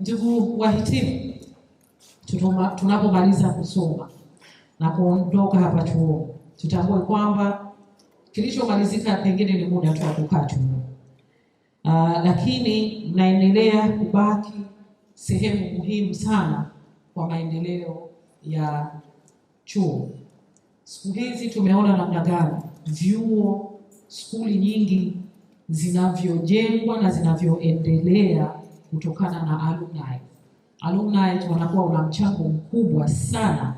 Ndugu wahitimu, tunapomaliza kusoma na kuondoka hapa chuo, tutambue kwamba kilichomalizika pengine ni muda tu wa kukaa chuo, uh, lakini mnaendelea kubaki sehemu muhimu sana kwa maendeleo ya chuo. Siku hizi tumeona namna gani vyuo, skuli nyingi zinavyojengwa na zinavyoendelea kutokana na alumni. Alumni wanakuwa una mchango mkubwa sana.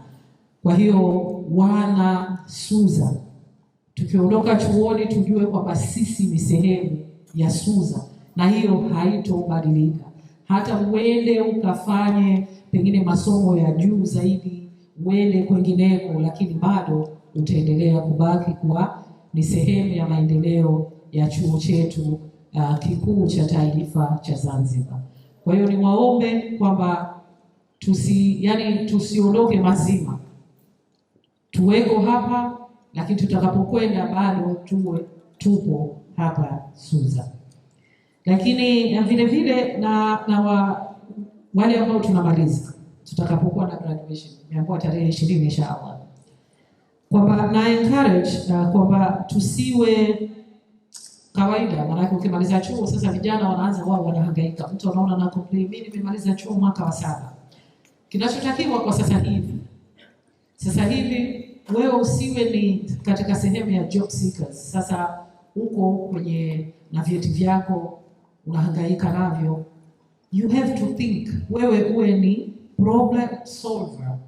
Kwa hiyo wana SUZA, tukiondoka chuoni tujue kwamba sisi ni sehemu ya SUZA na hiyo haitobadilika. Hata uende ukafanye pengine masomo ya juu zaidi, uende kwengineko, lakini bado utaendelea kubaki kuwa ni sehemu ya maendeleo ya chuo chetu uh, kikuu cha taifa cha Zanzibar. Kwa hiyo niwaombe kwamba tusi, yani tusiondoke mazima, tuweko hapa, lakini tutakapokwenda bado tuwe tupo hapa Suza. Lakini uh, vile vile na, na wa, wale ambao tunamaliza tutakapokuwa na graduation nimeambiwa tarehe ishirini inshallah, kwamba na encourage uh, kwamba tusiwe kawaida, maanake ukimaliza chuo sasa vijana wanaanza wao wanahangaika, mtu anaona na complain, mimi nimemaliza chuo mwaka wa saba. Kinachotakiwa kwa sasa hivi, sasa hivi wewe usiwe ni katika sehemu ya job seekers. Sasa huko kwenye na vyeti vyako unahangaika navyo, you have to think, wewe uwe ni problem solver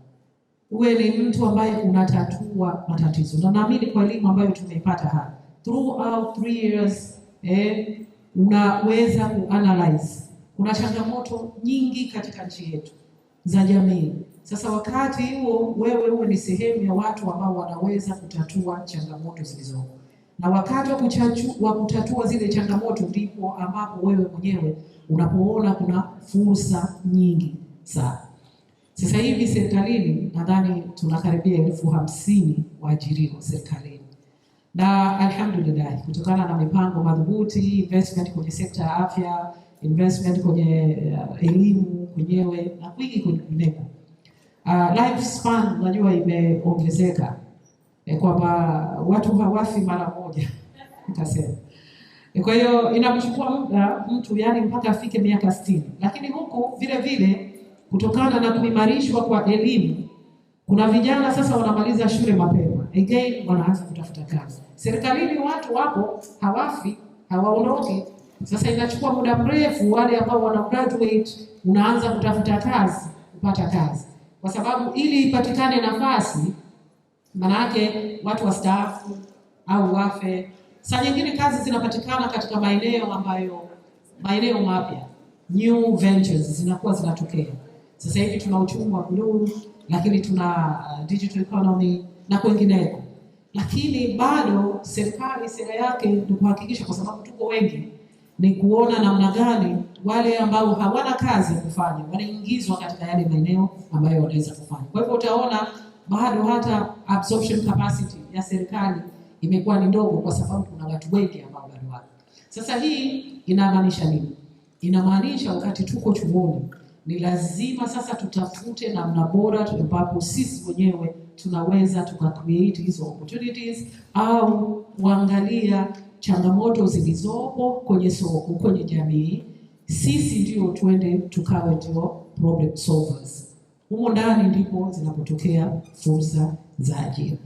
uwe ni mtu ambaye unatatua matatizo, na naamini kwa elimu ambayo tumeipata hapa throughout three years eh, unaweza kuanalyze. Kuna changamoto nyingi katika nchi yetu za jamii. Sasa wakati huo wewe uwe ni sehemu ya watu ambao wanaweza kutatua changamoto zilizopo, na wakati wa kutatua zile changamoto ndipo ambapo wewe mwenyewe unapoona kuna fursa nyingi sana. Sasa hivi serikalini nadhani tunakaribia elfu hamsini waajiriwa serikalini na alhamdulillah, kutokana na mipango madhubuti, investment kwenye sekta ya afya, investment kwenye uh, elimu kwenyewe na kwingi kwingineko, uh, life span unajua imeongezeka e, kwamba watu hawafi mara moja nikasema e, kwa hiyo inamchukua muda mtu yani mpaka afike miaka sitini, lakini huku vile vile kutokana na kuimarishwa kwa elimu kuna vijana sasa wanamaliza shule mapema again wanaanza kutafuta kazi. Serikalini watu wapo, hawafi, hawaondoki. Sasa inachukua muda mrefu, wale ambao wana graduate unaanza kutafuta kazi, kupata kazi, kwa sababu ili ipatikane nafasi, maana yake watu wastaafu au wafe. Saa nyingine kazi zinapatikana katika maeneo ambayo, maeneo mapya, new ventures zinakuwa zinatokea. Sasa hivi tuna uchumi wa bluu, lakini tuna uh, digital economy na kwengineko, lakini bado serikali sera yake ni kuhakikisha, kwa sababu tuko wengi, ni kuona namna gani wale ambao hawana kazi ya kufanya wanaingizwa katika yale maeneo ambayo wanaweza kufanya. Kwa hivyo utaona bado hata absorption capacity ya serikali imekuwa ni ndogo, kwa sababu kuna watu wengi ambao bado wako. Sasa hii inamaanisha nini? Inamaanisha wakati tuko chuoni ni lazima sasa tutafute namna bora ambapo sisi wenyewe tunaweza create hizo opportunities au kuangalia changamoto zilizopo kwenye soko, kwenye jamii. Sisi ndio tuende tukawe ndio problem solvers. Humo ndani ndipo zinapotokea fursa za ajira.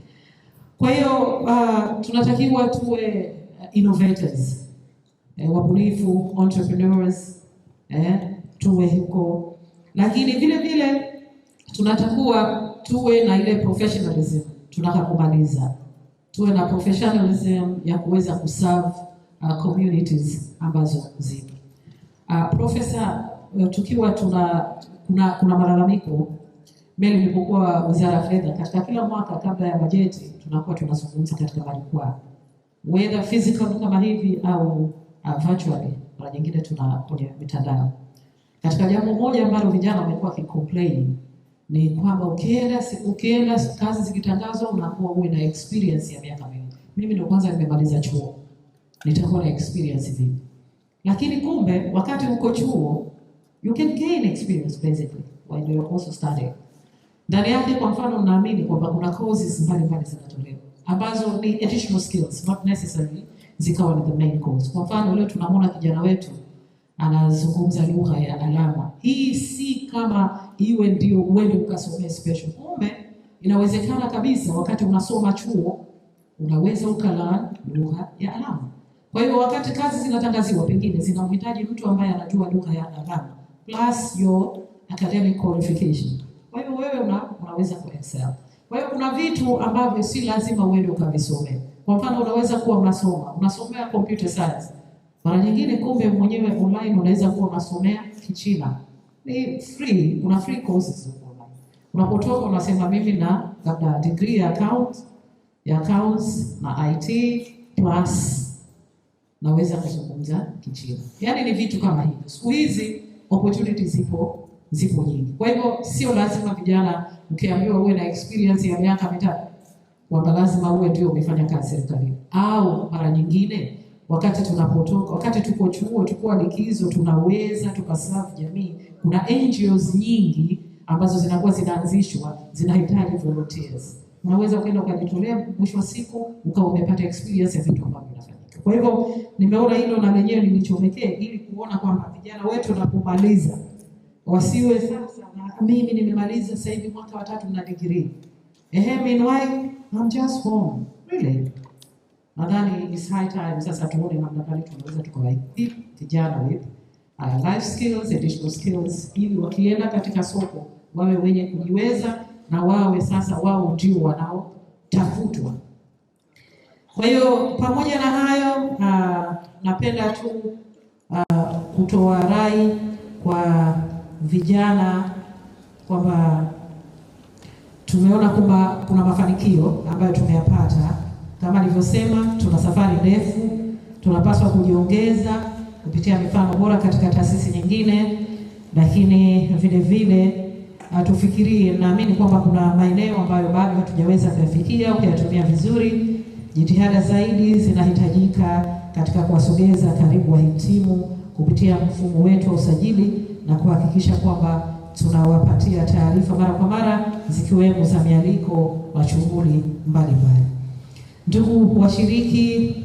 Kwa hiyo uh, tunatakiwa tuwe uh, innovators, eh, wabunifu entrepreneurs, eh, tuwe huko, lakini vile vile tunatakiwa tuwe na ile professionalism tunataka kumaliza, tuwe na professionalism ya kuweza kuserve uh, communities ambazo zipo. Uh, profesa uh, tukiwa tuna kuna, kuna malalamiko mbele nilipokuwa wizara ya fedha, katika kila mwaka kabla ya bajeti tunakuwa tunazungumza katika majukwaa whether physical kama hivi au uh, virtually, mara nyingine tuna kwenye mitandao. Katika jambo moja ambalo vijana wamekuwa wakicomplain ni kwamba ukienda ukienda kazi zikitangazwa, unakuwa uwe na experience ya miaka mingi. Mimi ndio kwanza nimemaliza chuo, nitakuwa na experience vipi? Lakini kumbe wakati uko chuo you can gain experience basically while you are also studying. Ndani yake kwa mfano, naamini kwamba kuna courses mbalimbali zinatolewa ambazo ni additional skills not necessarily zikawa ni the main course. Kwa mfano leo tunamwona kijana wetu anazungumza lugha ya alama. Hii si kama iwe ndio uende ukasomee special. Kumbe inawezekana kabisa, wakati unasoma chuo unaweza ukala lugha ya alama. Kwa hiyo wakati kazi zinatangaziwa, pengine zinamhitaji mtu ambaye anajua lugha ya alama plus your academic qualification. Kwa hiyo wewe una, unaweza ku excel. Kwa hiyo kuna vitu ambavyo si lazima uende ukavisomee. Kwa mfano, unaweza kuwa unasoma unasomea computer science, mara nyingine kumbe mwenyewe online unaweza kuwa unasomea Kichina ni free, kuna free courses huko. Unapotoka unasema mimi na labda degree ya account ya accounts na IT plus naweza kuzungumza Kichina. Yaani ni vitu kama hivyo. Siku hizi opportunities zipo zipo nyingi. Kwa hivyo sio lazima vijana ukiambiwa uwe na experience ya miaka mitatu kwamba lazima uwe ndio umefanya kazi serikalini au mara nyingine wakati tunapotoka, wakati tuko chuo, tuko likizo, tunaweza tukasafu jamii. Kuna NGOs nyingi ambazo zinakuwa zinaanzishwa zinahitaji volunteers, unaweza ukaenda ukajitolea, mwisho wa siku ukawa umepata experience ya vitu ambavyo vinafanyika. Kwa hivyo nimeona hilo na lenyewe nilichomekee ili kuona kwamba vijana wetu wanapomaliza wasiwe sasa, mimi nimemaliza sasa hivi mwaka wa tatu na degree, ehe, meanwhile I'm just home really Nadhani it's high time sasa tuone gani tunaweza tukawaidhi vijana wetu uh, life skills, additional skills ili wakienda katika soko wawe wenye kujiweza na wawe sasa wao ndio wanaotafutwa. Kwa hiyo pamoja na hayo uh, napenda tu uh, kutoa rai kwa vijana kwamba tumeona kwamba kuna mafanikio ambayo tumeyapata kama alivyosema, tuna safari ndefu, tunapaswa kujiongeza kupitia mifano bora katika taasisi nyingine, lakini vile vile tufikirie. Naamini kwamba kuna maeneo ambayo bado hatujaweza kuyafikia kuyatumia vizuri. Jitihada zaidi zinahitajika katika kuwasogeza karibu wahitimu kupitia mfumo wetu wa usajili na kuhakikisha kwamba tunawapatia taarifa mara kwa mara zikiwemo za mialiko wa shughuli mbalimbali. Ndugu washiriki,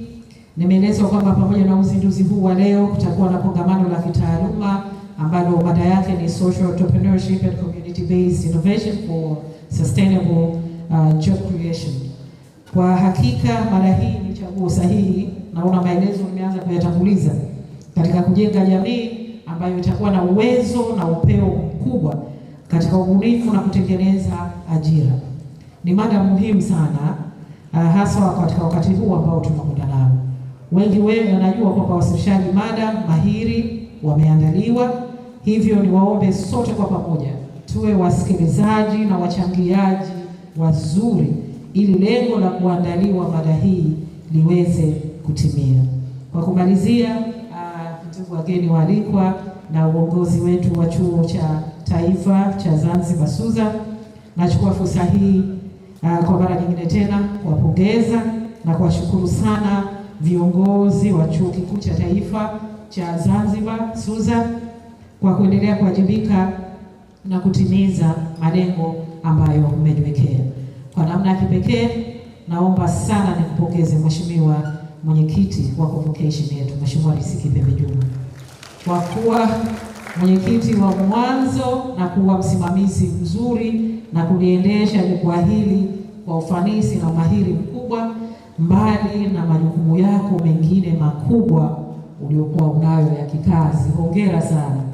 nimeelezwa kwamba pamoja na uzinduzi huu wa leo kutakuwa na kongamano la kitaaluma ambalo mada yake ni social entrepreneurship and community based innovation for sustainable uh, job creation. Kwa hakika mada hii ni chaguo sahihi, naona maelezo nimeanza kuyatanguliza katika kujenga jamii ambayo itakuwa na uwezo na upeo mkubwa katika ubunifu na kutengeneza ajira. Ni mada muhimu sana uh, haswa katika wakati huu ambao tunakwenda nao. Wengi wenu najua kwamba wasilishaji mada mahiri wameandaliwa, hivyo niwaombe sote kwa pamoja tuwe wasikilizaji na wachangiaji wazuri, ili lengo la kuandaliwa mada hii liweze kutimia. Kwa kumalizia, ah, ndugu wageni waalikwa na uongozi wetu wa Chuo cha Taifa cha Zanzibar SUZA, nachukua fursa hii Ah, kwa mara nyingine tena kuwapongeza na kuwashukuru sana viongozi wa Chuo Kikuu cha Taifa cha Zanzibar SUZA kwa kuendelea kuwajibika na kutimiza malengo ambayo mmejiwekea. Kwa namna ya kipekee, naomba sana nimpongeze Mheshimiwa mwenyekiti wa convocation yetu, Mheshimiwa Rais Kipembe Juma kwa kuwa mwenyekiti wa mwanzo na kuwa msimamizi mzuri na kuliendesha jukwaa hili kwa ufanisi na umahiri mkubwa, mbali na majukumu yako mengine makubwa uliokuwa unayo ya kikazi. Hongera sana.